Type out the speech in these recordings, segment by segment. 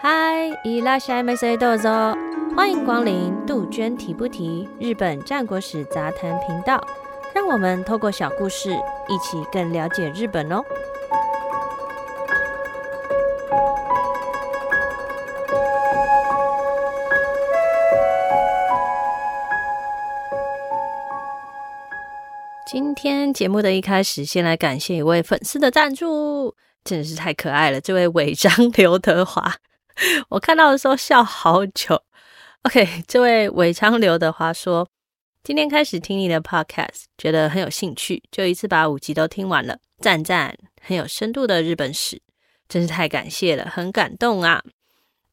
嗨，Hi, いらっしゃいませ。どうぞ，歡迎光臨杜鵑提不提日本戰國史雜談頻道。讓我們透過小故事，一起更了解日本哦。今天節目的一開始，先來感謝一位粉絲的贊助，真的是太可愛了。這位尾張劉德華， 我看到的時候笑好久。OK，這位尾張劉德華說：“今天開始聽你的 Podcast，覺得很有興趣，就一次把五集都聽完了，贊贊，很有深度的日本史，真是太感謝了，很感動啊。”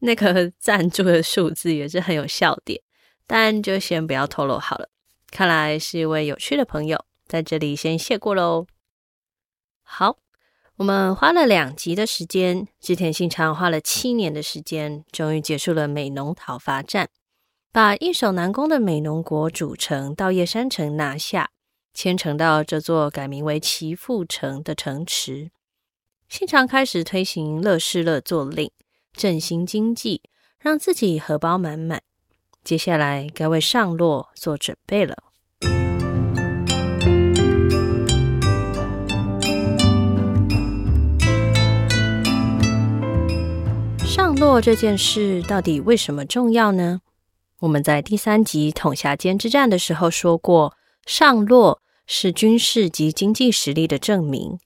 那個贊助的數字，也是很有笑點，但就先不要透露好了。看來是一位有趣的朋友。在這裡先謝過嘍。好，我們花了兩集的時間，織田信長花了七年的時間，終於結束了美濃討伐戰，把易守難攻的美濃國主城稻葉山城拿下，遷城到這座改名為岐阜城的城池。信長開始推行樂市樂座令，振興經濟，讓自己荷包滿滿。接下來該為上洛做準備了。洛這件事到底為什麼重要呢？我們在第三集桶狹間之戰的時候說過，上洛是軍事及經濟實力的證明。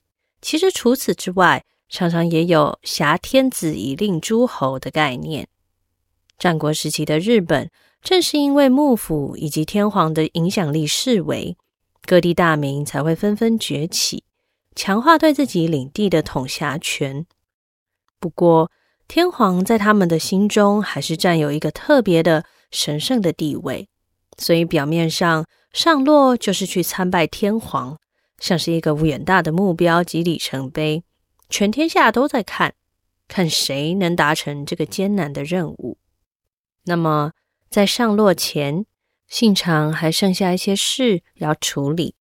其實除此之外，常常也有“挾天子以令諸侯”的概念。戰國時期的日本，正是因為幕府以及天皇的影響力式微，各地大名才會紛紛崛起，強化對自己領地的統轄權。不過，天皇在他們的心中還是佔有一個特別的神聖的地位，所以表面上上洛就是去參拜天皇，像是一個遠大的目標及里程碑，全天下都在看，看誰能達成這個艱難的任務。那麼在上洛前，信長還剩下一些事要處理。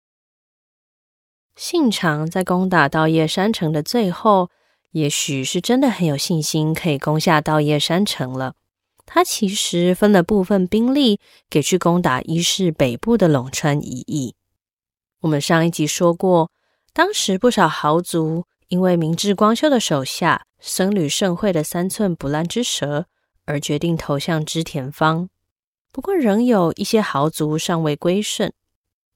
信長在攻打稻葉山城的最後。也許是真的很有信心，可以攻下稻葉山城了。他其實分了部分兵力給去攻打伊勢北部的瀧川一益。我們上一集說過，當時不少豪族因為明智光秀的手下僧侶盛會的三寸不爛之舌而決定投向織田方，不過仍有一些豪族尚未歸順。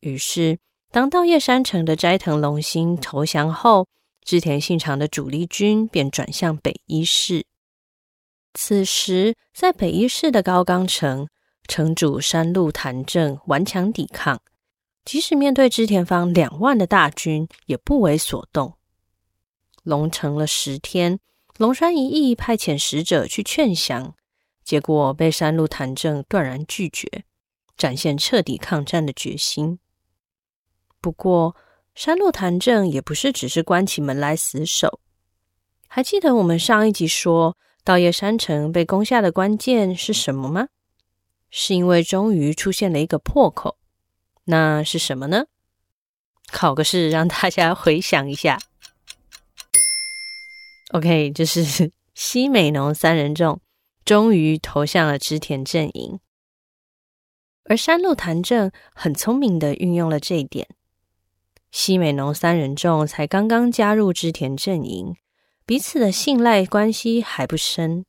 於是，當稻葉山城的齋藤龍興投降後，織田信長的主力軍便轉向北伊勢。此時，在北伊勢的高岡城，城主山路彈正頑強抵抗，即使面對織田方兩萬的大軍，也不為所動。籠城了十天，瀧川一益派遣使者去勸降，結果被山路彈正斷然拒絕，展現徹底抗戰的決心。不過，山路彈正也不是只是關起門來死守。還記得我們上一集說稻葉山城被攻下的關鍵是什麼嗎？是因為終於出現了一個破口。那是什麼呢？考個試，讓大家回想一下。OK，這，就是西美濃三人眾終於投向了織田陣營，而山路彈正很聰明的運用了這一點。西美濃三人眾才剛剛加入織田陣營，彼此的信賴關係還不深。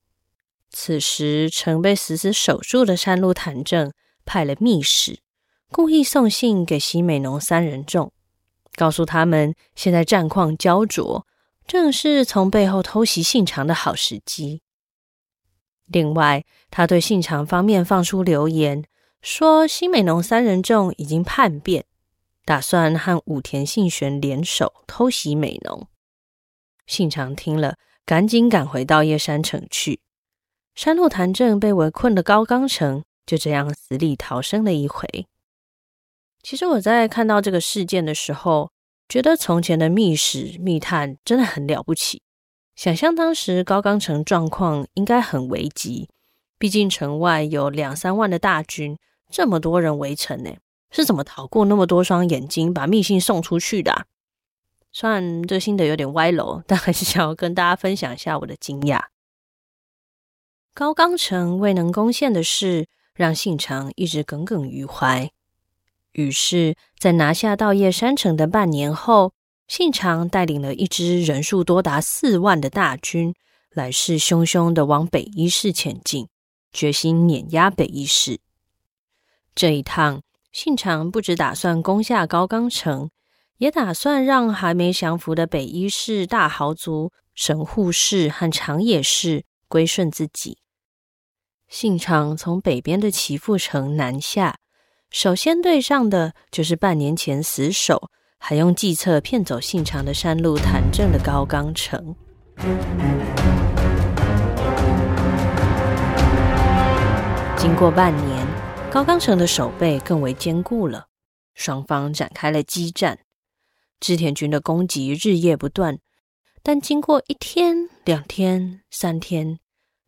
此時，曾被死死守住的山路坦正派了密使，故意送信給西美濃三人眾，告訴他們現在戰況焦灼，正是從背後偷襲信長的好時機。另外，他對信長方面放出流言，說西美濃三人眾已經叛變。打算和武田信玄聯手偷襲美濃。信長聽了，趕緊趕回到夜山城去。山路彈正被圍困的高岡城就這樣死裡逃生了一回。其實我在看到這個事件的時候，覺得從前的密室密探真的很了不起。想象當時高岡城狀況應該很危急，畢竟城外有兩三萬的大軍，這麼多人圍城呢、欸。是怎麼逃過那麼多雙眼睛，把密信送出去的啊？雖然這心得有點歪樓，但還是想要跟大家分享一下我的驚訝。高岡城未能攻陷的事，讓信長一直耿耿於懷。於是，在拿下稻葉山城的半年後，信長帶領了一支人數多達四萬的大軍，來勢洶洶的往北伊勢前進，決心碾壓北伊勢。這一趟。信長不只打算攻下高岡城，也打算讓還沒降服的北伊勢大豪族神戶氏和長野氏歸順自己。信長從北邊的岐阜城南下，首先對上的就是半年前死守、還用計策騙走信長的山路彈正的高岡城。經過半年。高岡城的守備更為堅固了，雙方展開了激戰。織田軍的攻擊日夜不斷，但經過一天、兩天、三天，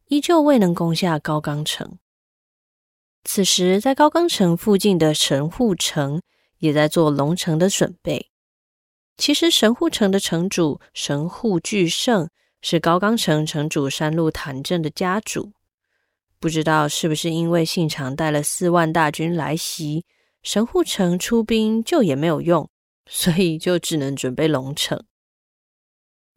依舊未能攻下高岡城。此時，在高岡城附近的神戶城也在做籠城的準備。其實，神戶城的城主神戶具盛是高岡城城主山路譚政的家主。不知道是不是因為信長帶了四萬大軍來襲，神戶城出兵就也沒有用，所以就只能準備籠城。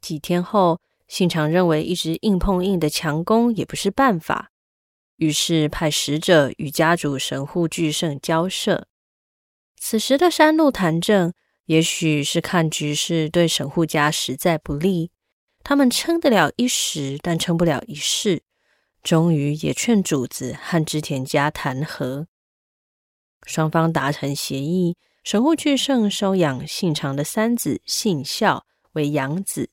幾天後，信長認為一直硬碰硬的強攻也不是辦法，於是派使者與家主神戶具盛交涉。此時的山路彈正，也許是看局勢對神戶家實在不利，他們撐得了一時，但撐不了一世。終於也勸主子和織田家談和，雙方達成協議。神戶具盛收養信長的三子信孝為養子，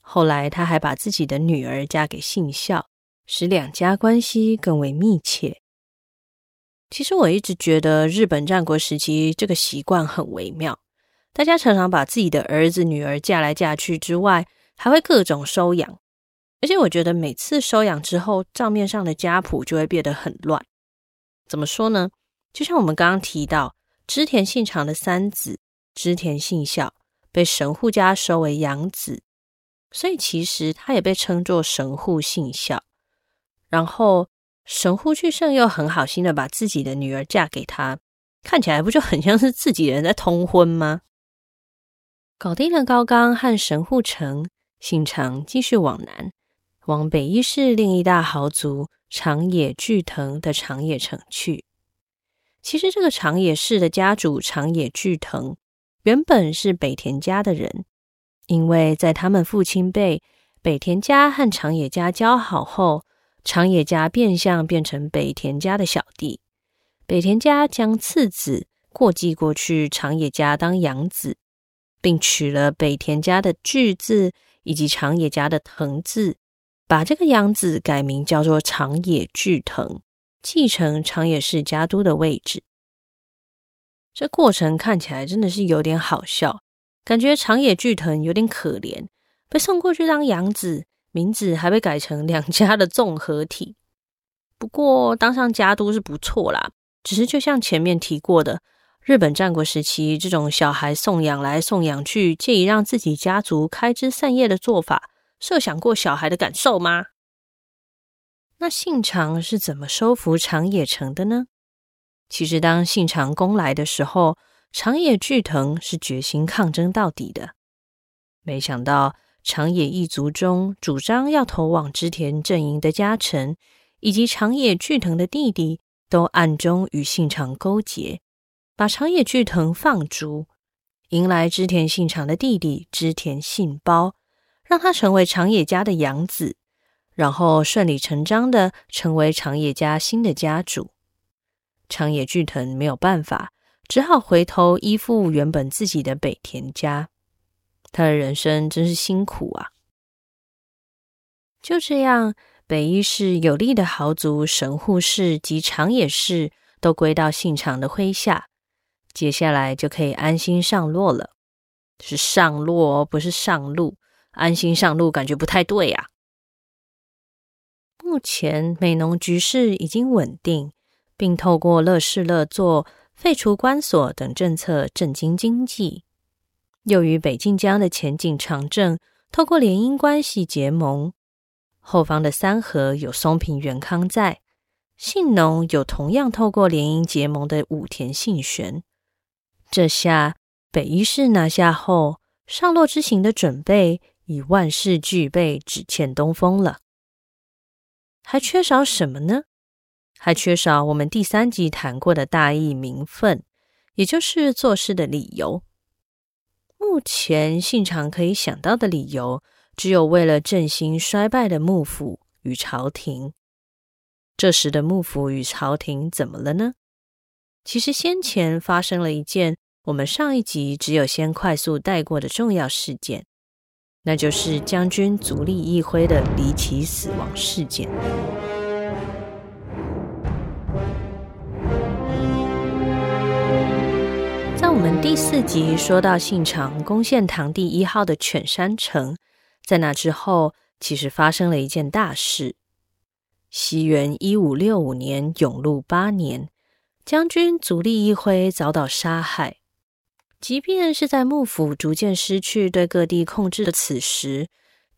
後來他還把自己的女兒嫁給信孝，使兩家關係更為密切。其實我一直覺得日本戰國時期這個習慣很微妙，大家常常把自己的兒子女兒嫁來嫁去，之外還會各種收養。而且我覺得每次收養之後，賬面上的家譜就會變得很亂。怎麼說呢？就像我們剛剛提到，織田信長的三子織田信孝被神戶家收為養子，所以其實他也被稱作神戶信孝。然後神戶具盛又很好心的把自己的女兒嫁給他，看起來不就很像是自己人在通婚嗎？搞定了高岡和神戶城，信長繼續往南。往北伊勢另一大豪族長野具藤的長野城去。其實，這個長野氏的家主長野具藤原本是北畠家的人，因為在他們父親被北畠家和長野家交好後，長野家變相變成北畠家的小弟，北畠家將次子過繼過去長野家當養子，並取了北畠家的具字以及長野家的藤字。把這個養子改名叫做長野巨藤，繼承長野氏家督的位置。這過程看起來真的是有點好笑，感覺長野巨藤有點可憐，被送過去當養子，名字還被改成兩家的綜合體。不過當上家督是不錯啦，只是就像前面提過的，日本戰國時期這種小孩送養來送養去，借以讓自己家族開枝散葉的做法。設想過小孩的感受嗎？那信長是怎麼收服長野城的呢？其實，當信長攻來的時候，長野巨藤是決心抗爭到底的。沒想到，長野一族中主張要投往織田陣營的家臣，以及長野巨藤的弟弟，都暗中與信長勾結，把長野巨藤放逐，迎來織田信長的弟弟織田信包。讓他成為長野家的養子，然後順理成章的成為長野家新的家主。長野巨藤沒有辦法，只好回頭依附原本自己的北田家。他的人生真是辛苦啊！就這樣，北伊勢有力的豪族神戶氏及長野氏都歸到信長的麾下，接下來就可以安心上洛了。是上洛，不是上路。安心上路，感覺不太對呀、啊。目前美濃局勢已經穩定，並透過樂市樂座廢除關所等政策振興經濟。又與北近江的淺井長政，透過聯姻關係結盟。後方的三河有松平元康在，信濃有同樣透過聯姻結盟的武田信玄。這下北伊勢拿下後，上洛之行的準備已萬事俱備，只欠東風了。還缺少什麼呢？還缺少我們第三集談過的大義名分，也就是做事的理由。目前信長可以想到的理由，只有為了振興衰敗的幕府與朝廷。這時的幕府與朝廷怎麼了呢？其實先前發生了一件我們上一集只有先快速帶過的重要事件。那就是將軍足利義輝的離奇死亡事件。在我們第四集說到信長攻陷堂第一號的犬山城，在那之後，其實發生了一件大事：西元一五六五年永祿八年，將軍足利義輝遭到殺害。即便是在幕府逐漸失去對各地控制的此時，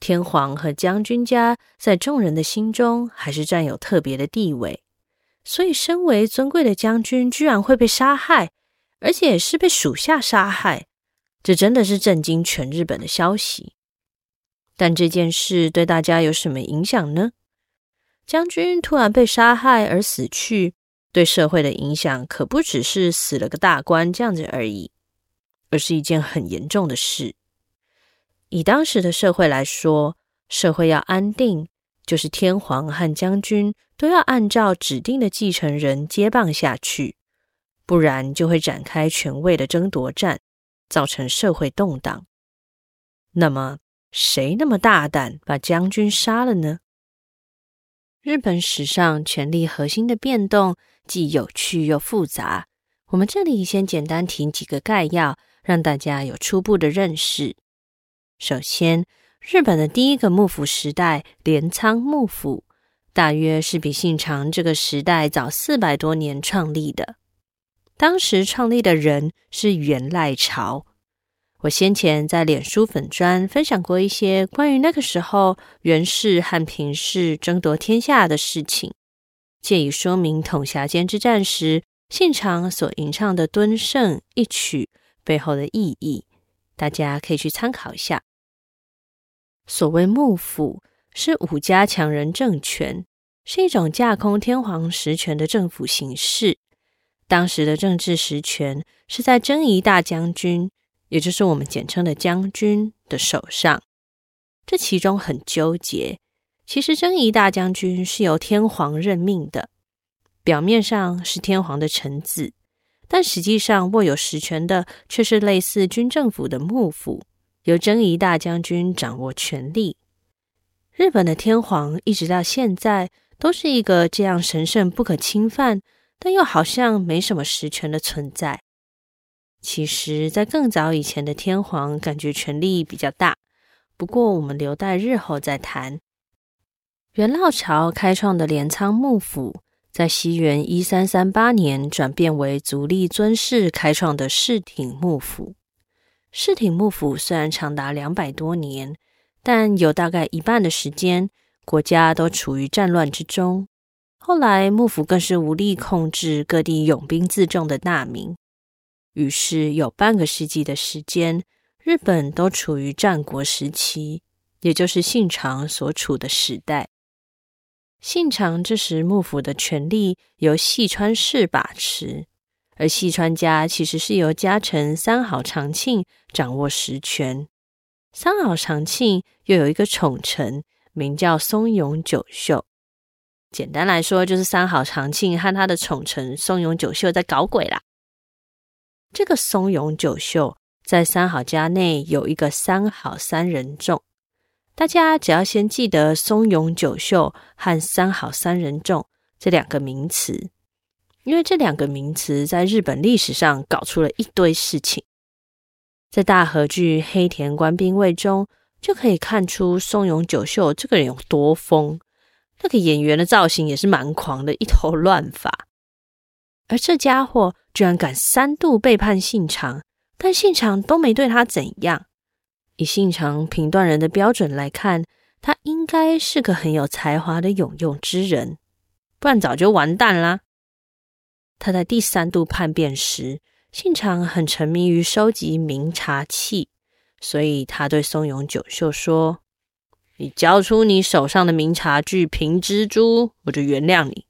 天皇和將軍家在眾人的心中還是佔有特別的地位。所以，身為尊貴的將軍居然會被殺害，而且是被屬下殺害，這真的是震驚全日本的消息。但這件事對大家有什麼影響呢？將軍突然被殺害而死去，對社會的影響可不只是死了個大官這樣子而已。而是一件很嚴重的事。以當時的社會來說，社會要安定，就是天皇和將軍都要按照指定的繼承人接棒下去，不然就會展開權位的爭奪戰，造成社會動盪。那麼，誰那麼大膽把將軍殺了呢？日本史上權力核心的變動既有趣又複雜，我們這裡先簡單提幾個概要。讓大家有初步的認識。首先，日本的第一個幕府時代鐮倉幕府，大約是比信長這個時代早四百多年創立的。當時創立的人是源賴朝。我先前在臉書粉專分享過一些關於那個時候源氏和平氏爭奪天下的事情，借以說明桶狹間之戰時信長所吟唱的《敦盛》一曲，背後的意義，大家可以去參考一下。所謂幕府是武家強人政權，是一種架空天皇實權的政府形式。當時的政治實權是在征夷大將軍，也就是我們簡稱的將軍的手上。這其中很糾結，其實征夷大將軍是由天皇任命的，表面上是天皇的臣子。但實際上，握有實權的卻是類似軍政府的幕府，由征夷大將軍掌握權力。日本的天皇一直到現在都是一個這樣神聖不可侵犯，但又好像沒什麼實權的存在。其實，在更早以前的天皇，感覺權力比較大。不過，我們留待日後再談。源賴朝開創的鎌倉幕府，在西元一三三八年，轉變為足利尊氏開創的室町幕府。室町幕府雖然長達兩百多年，但有大概一半的時間，國家都處於戰亂之中。後來幕府更是無力控制各地擁兵自重的大名，於是有半個世紀的時間，日本都處於戰國時期，也就是信長所處的時代。信長，這時幕府的權力由細川氏把持，而細川家其實是由家臣三好長慶掌握實權。三好長慶又有一個寵臣，名叫松永久秀。簡單來說，就是三好長慶和他的寵臣松永久秀在搞鬼啦。這個松永久秀在三好家內有一個三好三人眾。大家只要先記得松永久秀和三好三人眾這兩個名詞，因為這兩個名詞在日本歷史上搞出了一堆事情。在大河劇《黑田官兵衛》中，就可以看出松永久秀這個人有多瘋。那個演員的造型也是蠻狂的，一頭亂髮。而這傢伙居然敢三度背叛信長，但信長都沒對他怎樣。以信長評斷人的標準來看，他應該是個很有才華的有用之人，不然早就完蛋啦。他在第三度叛變時，信長很沉迷於收集名茶器，所以他對松永久秀說：“你交出你手上的名茶具平蜘蛛，我就原諒你。”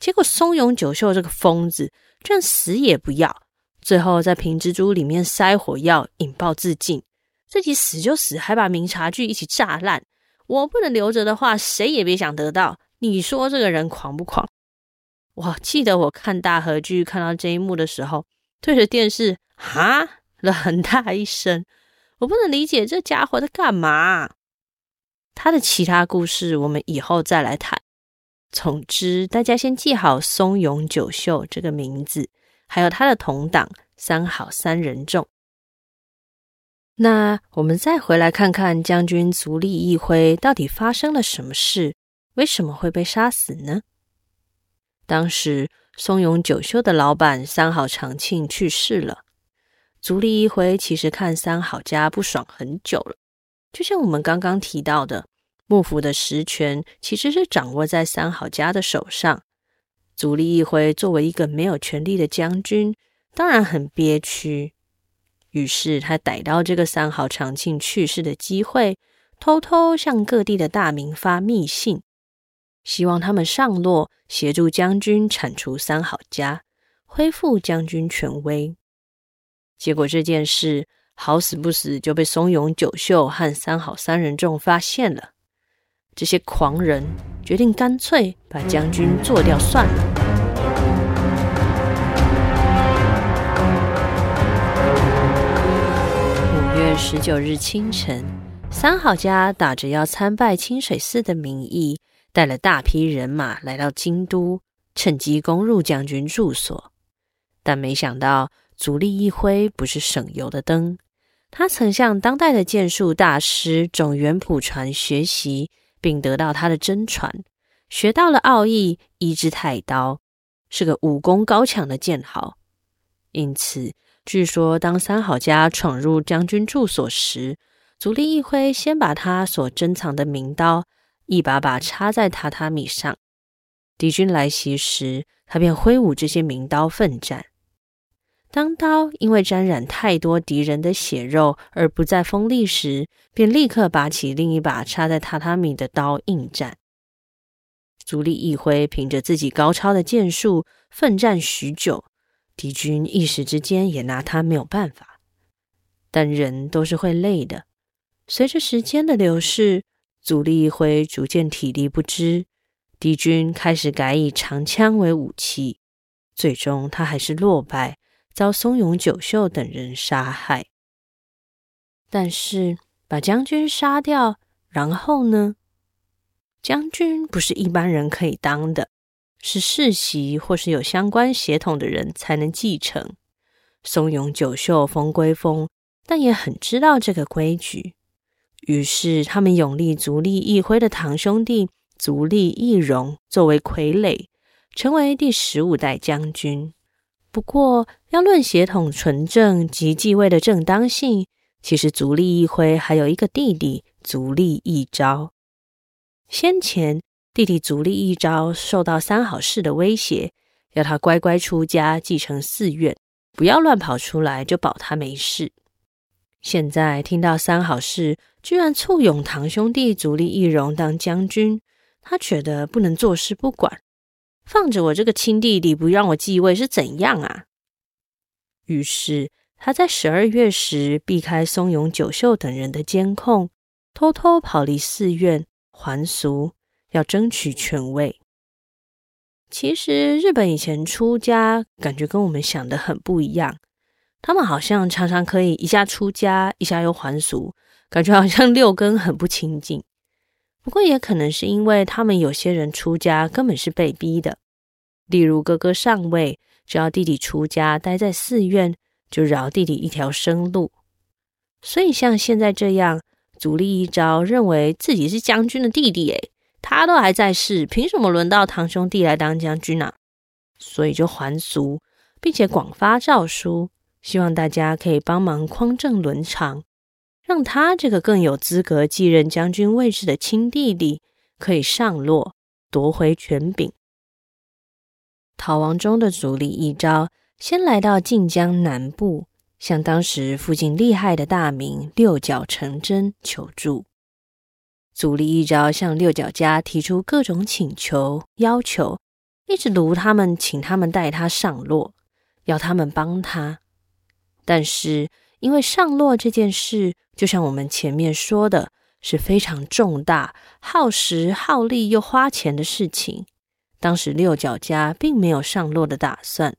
結果松永久秀這個瘋子居然死也不要，最後在平蜘蛛裡面塞火藥，引爆自盡。自己死就死，還把名茶具一起炸爛。我不能留着的話，誰也別想得到。你說這個人狂不狂？我記得我看大河劇看到這一幕的時候，對着電視啊了很大一聲。我不能理解這家伙在幹嘛、啊。他的其他故事我們以後再來談。總之，大家先記好松永久秀這個名字，還有他的同黨三好三人眾。那我們再回來看看，將軍足利義輝到底發生了什麼事？為什麼會被殺死呢？當時松永久秀的老闆三好長慶去世了，足利義輝其實看三好家不爽很久了。就像我們剛剛提到的，幕府的實權其實是掌握在三好家的手上。足利義輝作為一個沒有權力的將軍，當然很憋屈。於是他逮到這個三好長慶去世的機會，偷偷向各地的大名發密信，希望他們上洛協助將軍鏟除三好家，恢復將軍權威。結果這件事好死不死就被松永久秀和三好三人眾發現了。這些狂人決定乾脆把將軍做掉算了。十九日清晨，三好家打着要參拜清水寺的名義，帶了大批人馬來到京都，趁機攻入將軍住所。但沒想到，足利義輝不是省油的燈。他曾向當代的劍術大師塚原卜傳學習，並得到他的真傳，學到了奧義一之太刀，是個武功高強的劍豪，因此。據說，當三好家闖入將軍住所時，足利義輝先把他所珍藏的名刀一把把插在榻榻米上。敵軍來襲時，他便揮舞這些名刀奮戰。當刀因為沾染太多敵人的血肉而不再鋒利時，便立刻拔起另一把插在榻榻米的刀應戰。足利義輝憑着自己高超的劍術奮戰許久。敵軍一時之間也拿他沒有辦法，但人都是會累的。隨着時間的流逝，足利義輝逐漸體力不支，敵軍開始改以長槍為武器，最終他還是落敗，遭松永久秀等人殺害。但是，把將軍殺掉，然後呢？將軍不是一般人可以當的。是世襲或是有相關血統的人才能繼承。松永久秀瘋歸瘋，但也很知道這個規矩。於是他們擁立足利義輝的堂兄弟足利義榮作為傀儡，成為第十五代將軍。不過要論血統純正及繼位的正當性，其實足利義輝還有一個弟弟足利義昭，先前。弟弟足利義昭受到三好氏的威脅，要他乖乖出家繼承寺院，不要亂跑出來就保他沒事。現在聽到三好氏居然簇擁堂兄弟足利義榮當將軍，他覺得不能坐視不管，放着我這個親弟弟不讓我繼位是怎樣啊？於是他在十二月時避開松永久秀等人的監控，偷偷跑離寺院還俗。要爭取權位。其實日本以前出家，感覺跟我們想的很不一樣。他們好像常常可以一下出家，一下又還俗，感覺好像六根很不清淨。不過也可能是因為他們有些人出家根本是被逼的，例如哥哥上位，只要弟弟出家待在寺院，就饒弟弟一條生路。所以像現在這樣，足利義昭認為自己是將軍的弟弟誒，誒他都還在世，憑什麼輪到堂兄弟來當將軍呢、啊？所以就還俗，並且廣發詔書，希望大家可以幫忙匡正倫常，讓他這個更有資格繼任將軍位置的親弟弟可以上洛奪回權柄。逃亡中的足利義昭，先來到近江南部，向當時附近厲害的大名六角承禎求助。足利義昭向六角家提出各種請求、要求，一直嚕他們，請他們帶他上洛，要他們幫他。但是因為上洛這件事，就像我們前面說的，是非常重大、耗時、耗力又花錢的事情。當時六角家並沒有上洛的打算，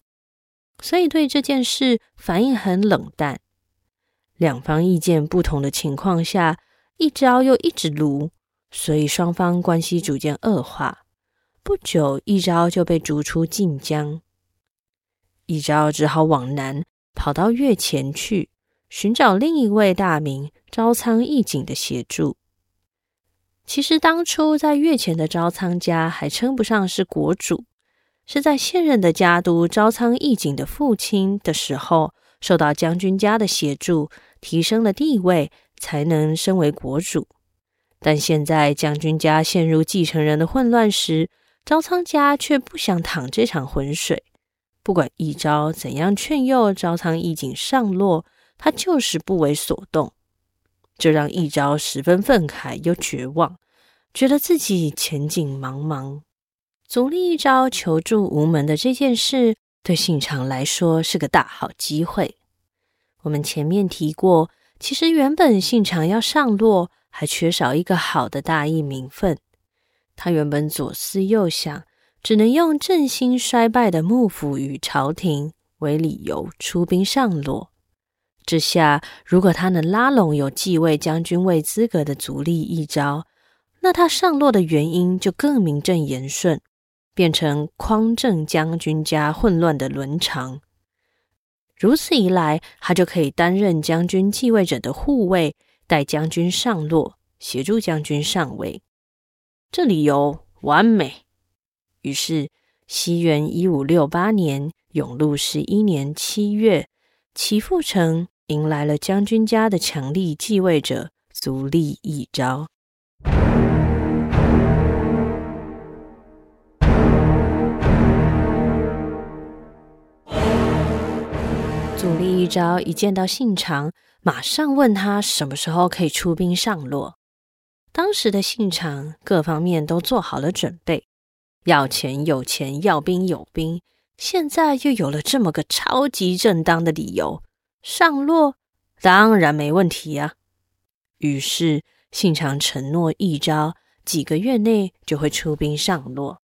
所以對這件事反應很冷淡。兩方意見不同的情況下，義昭又一直盧，所以雙方關係逐漸惡化。不久，義昭就被逐出晉江，義昭只好往南跑到越前去，尋找另一位大名朝倉義景的協助。其實，當初在越前的朝倉家還稱不上是國主，是在現任的家督朝倉義景的父親的時候，受到將軍家的協助，提升了地位。才能升為國主，但現在將軍家陷入繼承人的混亂時，朝倉家卻不想淌這場渾水。不管義昭怎樣勸誘朝倉義景上洛，他就是不為所動，這讓義昭十分憤慨，慨又絕望，覺得自己前景茫茫。足利義昭求助無門的這件事，對信長來說是個大好機會。我們前面提過。其實原本信長要上洛，還缺少一個好的大義名分。他原本左思右想，只能用振興衰敗的幕府與朝廷為理由出兵上洛。這下，如果他能拉攏有繼位將軍位資格的足利義昭，那他上洛的原因就更名正言順，變成匡正將軍家混亂的倫常。如此一來，他就可以擔任將軍繼位者的護衛，帶將軍上洛，協助將軍上位。這理由完美。於是，西元一五六八年永祿十一年七月，岐阜城迎來了將軍家的強力繼位者足利義昭。足利義昭，一見到信長，馬上問他什麼時候可以出兵上洛。當時的信長各方面都做好了準備，要錢有錢，要兵有兵，現在又有了這麼個超級正當的理由，上洛當然沒問題啊。於是信長承諾義昭幾個月內就會出兵上洛。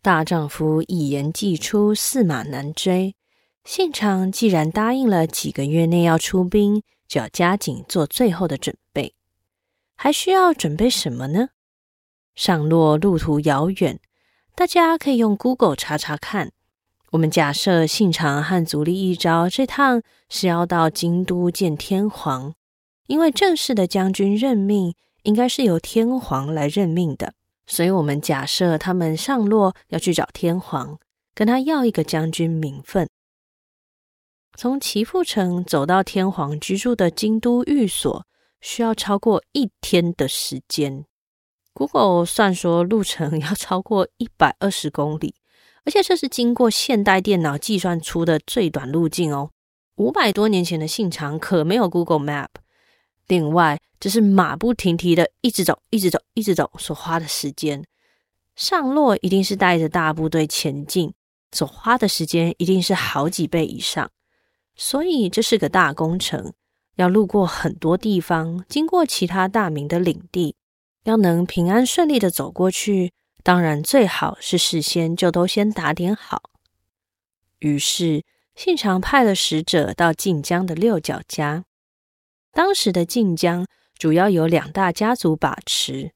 大丈夫一言既出，駟馬難追。信長既然答應了幾個月內要出兵，就要加緊做最後的準備。還需要準備什麼呢？上洛路途遙遠，大家可以用 Google 查查看。我們假設信長和足利義昭這趟是要到京都見天皇，因為正式的將軍任命應該是由天皇來任命的，所以我們假設他們上洛要去找天皇，跟他要一個將軍名分。從岐阜城走到天皇居住的京都寓所，需要超過一天的時間。Google 算說路程要超過一百二十公里，而且這是經過現代電腦計算出的最短路徑哦。五百多年前的信長可沒有 Google Map。另外，這是馬不停蹄的一直走、一直走、一直走所花的時間。上洛一定是帶着大部隊前進，所花的時間一定是好幾倍以上。所以這是個大工程，要路過很多地方，經過其他大名的領地，要能平安順利的走過去，當然最好是事先就都先打點好。於是信長派了使者到近江的六角家。當時的近江主要由兩大家族把持，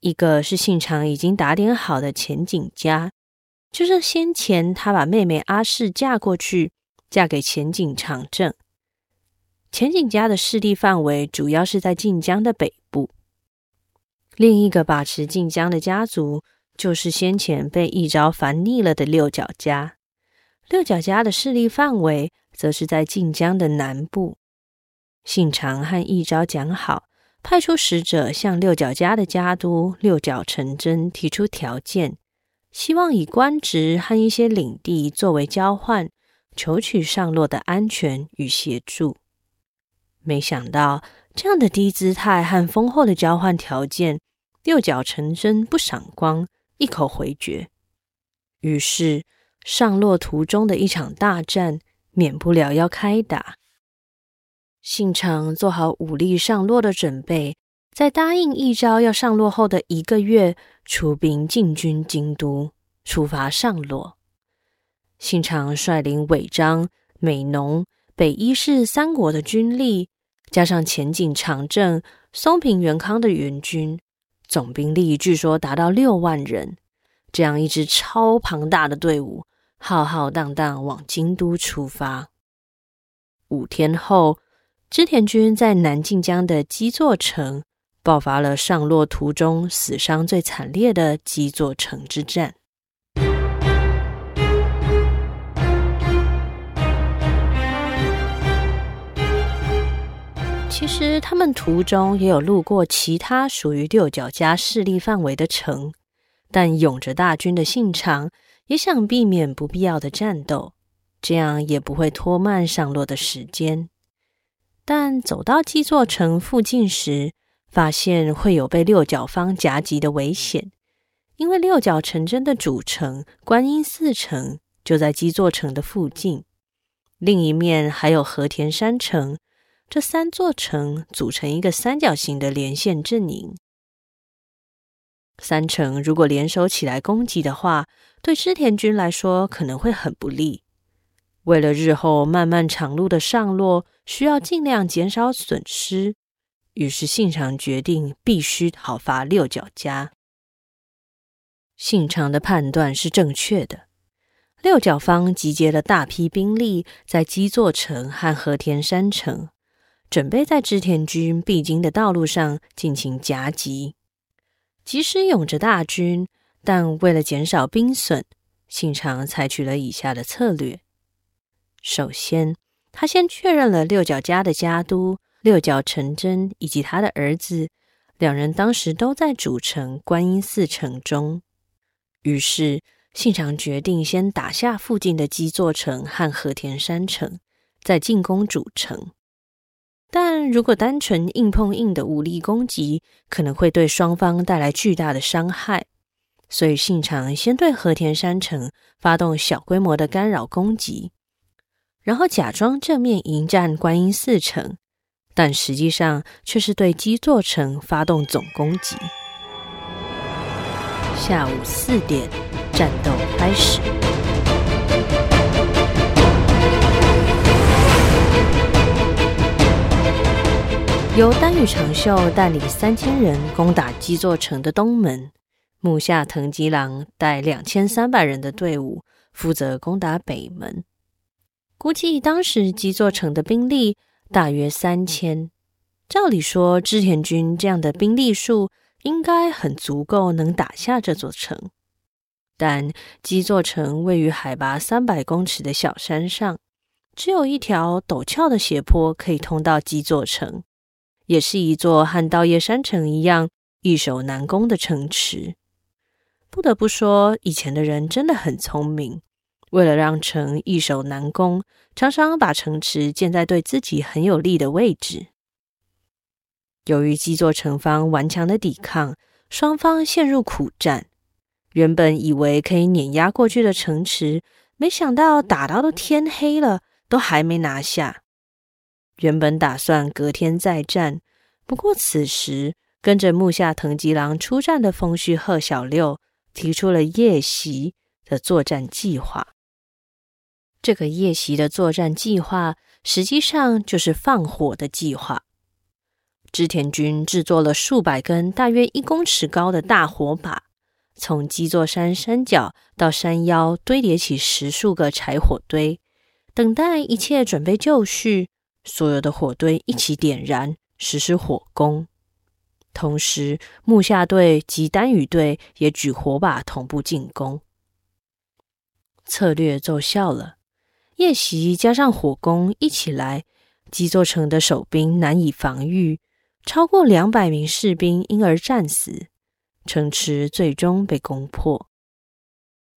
一個是信長已經打點好的淺井家，就是先前他把妹妹阿市嫁過去。嫁給淺井長政。淺井家的勢力範圍主要是在近江的北部。另一個把持近江的家族就是先前被一朝煩膩了的六角家。六角家的勢力範圍則是在近江的南部。信長和一朝講好，派出使者向六角家的家督六角承禎提出條件，希望以官職和一些領地作為交換。求取上洛的安全與協助，沒想到這樣的低姿態和豐厚的交換條件，六角承禎不賞光，一口回絕。於是上洛途中的一場大戰，免不了要開打。信長做好武力上洛的準備，在答應義昭要上洛後的一個月，出兵進軍京都，出發上洛。信長率領尾張、美濃、北伊勢三國的軍力，加上淺井長政、松平元康的援軍，總兵力據說達到六萬人。這樣一支超龐大的隊伍，浩浩蕩蕩往京都出發。五天後，織田軍在南近江的箕作城爆發了上洛途中死傷最慘烈的箕作城之戰。其實他們途中也有路過其他屬於六角家勢力範圍的城，但擁著大軍的信長也想避免不必要的戰鬥，這樣也不會拖慢上洛的時間。但走到基座城附近時，發現會有被六角方夾擊的危險，因為六角城鎮的主城觀音寺城就在基座城的附近，另一面還有和田山城。這三座城組成一個三角形的連線陣營，三城如果聯手起來攻擊的話，對織田軍來說可能會很不利。為了日後漫漫長路的上洛，需要儘量減少損失，於是信長決定必須討伐六角家。信長的判斷是正確的，六角方集結了大批兵力，在箕作城和和田山城。準備在織田軍必經的道路上進行夾擊。即使擁著大軍，但為了減少兵損，信長採取了以下的策略。首先，他先確認了六角家的家督，六角承禎以及他的兒子，兩人當時都在主城觀音寺城中。於是，信長決定先打下附近的基座城和和田山城，再進攻主城。但如果單純硬碰硬的武力攻擊，可能會對雙方帶來巨大的傷害，所以信長先對和田山城發動小規模的干擾攻擊，然後假裝正面迎戰觀音寺城，但實際上卻是對箕作城發動總攻擊。下午四點，戰鬥開始。由丹羽長秀帶領三千人攻打基座城的東門，木下藤吉郎帶兩千三百人的隊伍負責攻打北門。估計當時基座城的兵力大約三千，照理說，織田軍這樣的兵力數應該很足夠能打下這座城，但基座城位於海拔三百公尺的小山上，只有一條陡峭的斜坡可以通到基座城，也是一座和稻葉山城一樣易守難攻的城池。不得不說，以前的人真的很聰明。為了讓城易守難攻，常常把城池建在對自己很有利的位置。由於幾座城方頑強的抵抗，雙方陷入苦戰。原本以為可以碾壓過去的城池，沒想到打到都天黑了，都還沒拿下。原本打算隔天再戰，不過此時跟着木下藤吉郎出戰的蜂須賀小六提出了夜襲的作戰計劃。這個夜襲的作戰計劃實際上就是放火的計劃。織田軍制作了數百根大約一公尺高的大火把，從基座山山腳到山腰堆疊起十數個柴火堆，等待一切準備就緒。所有的火堆一起點燃，實施火攻。同時，木下隊及丹羽隊也舉火把同步進攻。策略奏效了，夜襲加上火攻一起來，基座城的守兵難以防禦，超過兩百名士兵因而戰死，城池最終被攻破。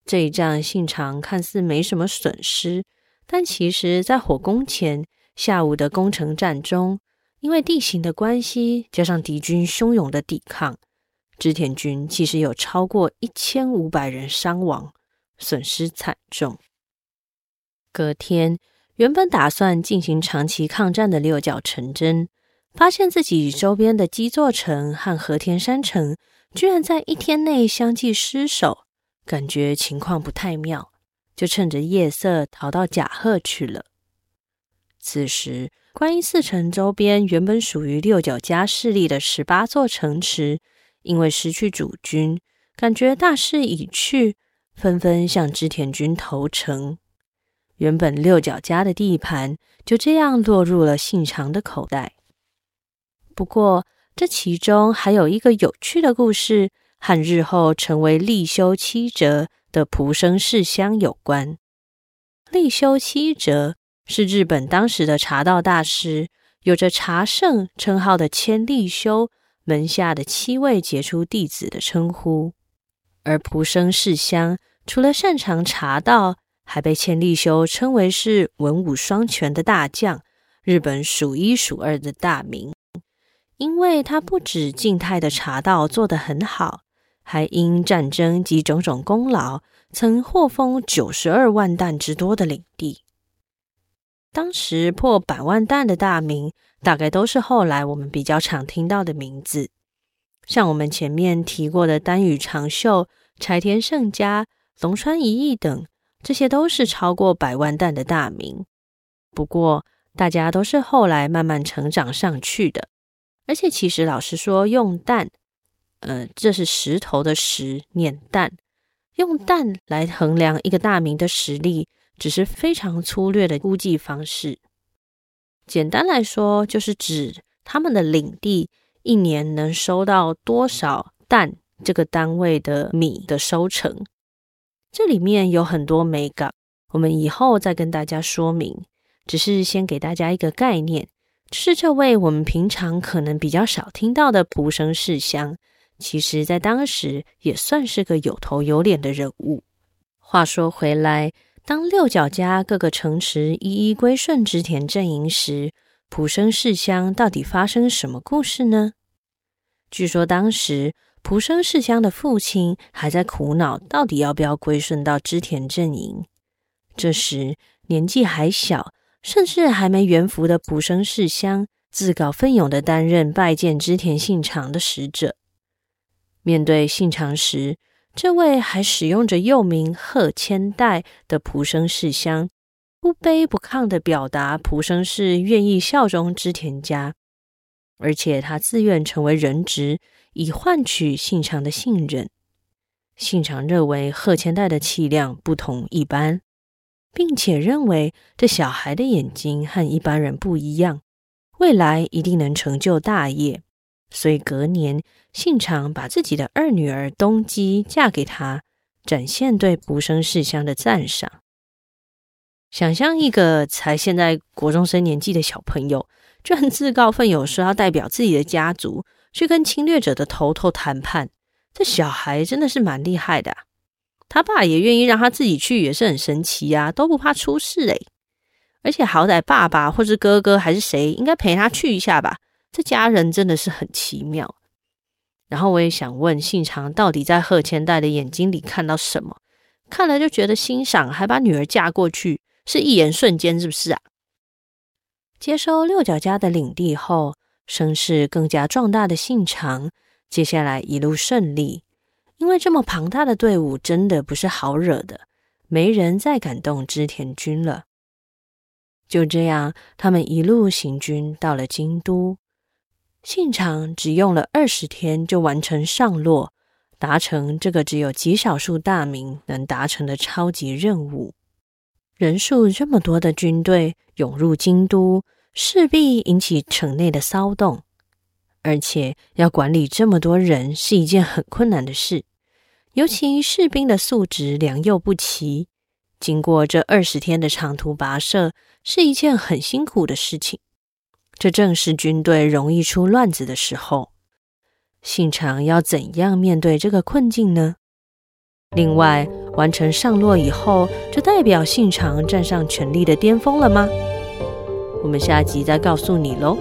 這一戰，信長看似沒什麼損失，但其實，在火攻前，下午的攻城戰中，因為地形的關係，加上敵軍洶湧的抵抗，織田軍其實有超過一千五百人傷亡，損失慘重。隔天，原本打算進行長期抗戰的六角承禎，發現自己與周邊的基座城和和田山城居然在一天內相繼失守，感覺情況不太妙，就趁着夜色逃到甲賀去了。此時，觀音寺城周邊原本屬於六角家勢力的十八座城池，因為失去主君，感覺大勢已去，紛紛向織田軍投誠。原本六角家的地盤就這樣落入了信長的口袋。不過，這其中還有一個有趣的故事，和日後成為利休七哲的蒲生氏鄉有關。利休七哲。是日本當時的茶道大師，有着“茶聖”稱號的千利休門下的七位傑出弟子的稱呼。而蒲生氏鄉除了擅長茶道，還被千利休稱為是文武雙全的大將，日本數一數二的大名。因為他不止靜態的茶道做得很好，還因戰爭及種種功勞，曾獲封九十二萬石之多的領地。當時破百萬石的大名，大概都是後來我們比較常聽到的名字，像我們前面提過的丹羽長秀、柴田勝家、瀧川一益等，這些都是超過百萬石的大名。不過，大家都是後來慢慢成長上去的。而且，其實老實說用，用石，呃，這是石頭的石，念擔，用石來衡量一個大名的實力。只是非常粗略的估計方式，簡單來說，就是指他們的領地一年能收到多少擔這個單位的米的收成。這裡面有很多眉角，我們以後再跟大家說明。只是先給大家一個概念，就是這位我們平常可能比較少聽到的蒲生氏鄉，其實在當時也算是個有頭有臉的人物。話說回來。當六角家各個城池一一歸順織田陣營時，蒲生世鄉到底發生什麼故事呢？據說當時蒲生世鄉的父親還在苦惱，到底要不要歸順到織田陣營。這時，年紀還小，甚至還沒元福的蒲生世鄉自告奮勇的擔任拜見織田信長的使者。面對信長時，這位還使用着幼名鶴千代的蒲生氏鄉，不卑不亢地表達蒲生氏願意效忠織田家，而且他自願成為人質，以換取信長的信任。信長認為鶴千代的氣量不同一般，並且認為這小孩的眼睛和一般人不一樣，未來一定能成就大業。所以隔年，信長把自己的二女兒冬姬嫁給他，展現對蒲生氏鄉的讚賞。想象一個才現在國中生年紀的小朋友，就很自告奮勇說要代表自己的家族去跟侵略者的頭頭談判，這小孩真的是蠻厲害的啊。他爸也願意讓他自己去，也是很神奇呀，都不怕出事欸。而且好歹爸爸或是哥哥還是誰，應該陪他去一下吧。這家人真的是很奇妙，然後我也想問信長到底在鶴千代的眼睛裡看到什麼？看了就覺得欣賞，還把女兒嫁過去，是一眼瞬間，是不是啊？接收六角家的領地後，聲勢更加壯大的信長，接下來一路勝利，因為這麼龐大的隊伍真的不是好惹的，沒人再敢動織田軍了。就這樣，他們一路行軍到了京都。信長只用了二十天就完成上洛，達成這個只有極少數大名能達成的超級任務。人數這麼多的軍隊湧入京都，勢必引起城內的騷動，而且要管理這麼多人是一件很困難的事。尤其士兵的素質良莠不齊，經過這二十天的長途跋涉，是一件很辛苦的事情。這正是軍隊容易出亂子的時候，信長要怎樣面對這個困境呢？另外，完成上洛以後，這代表信長站上權力的巔峰了嗎？我們下集再告訴你嘍。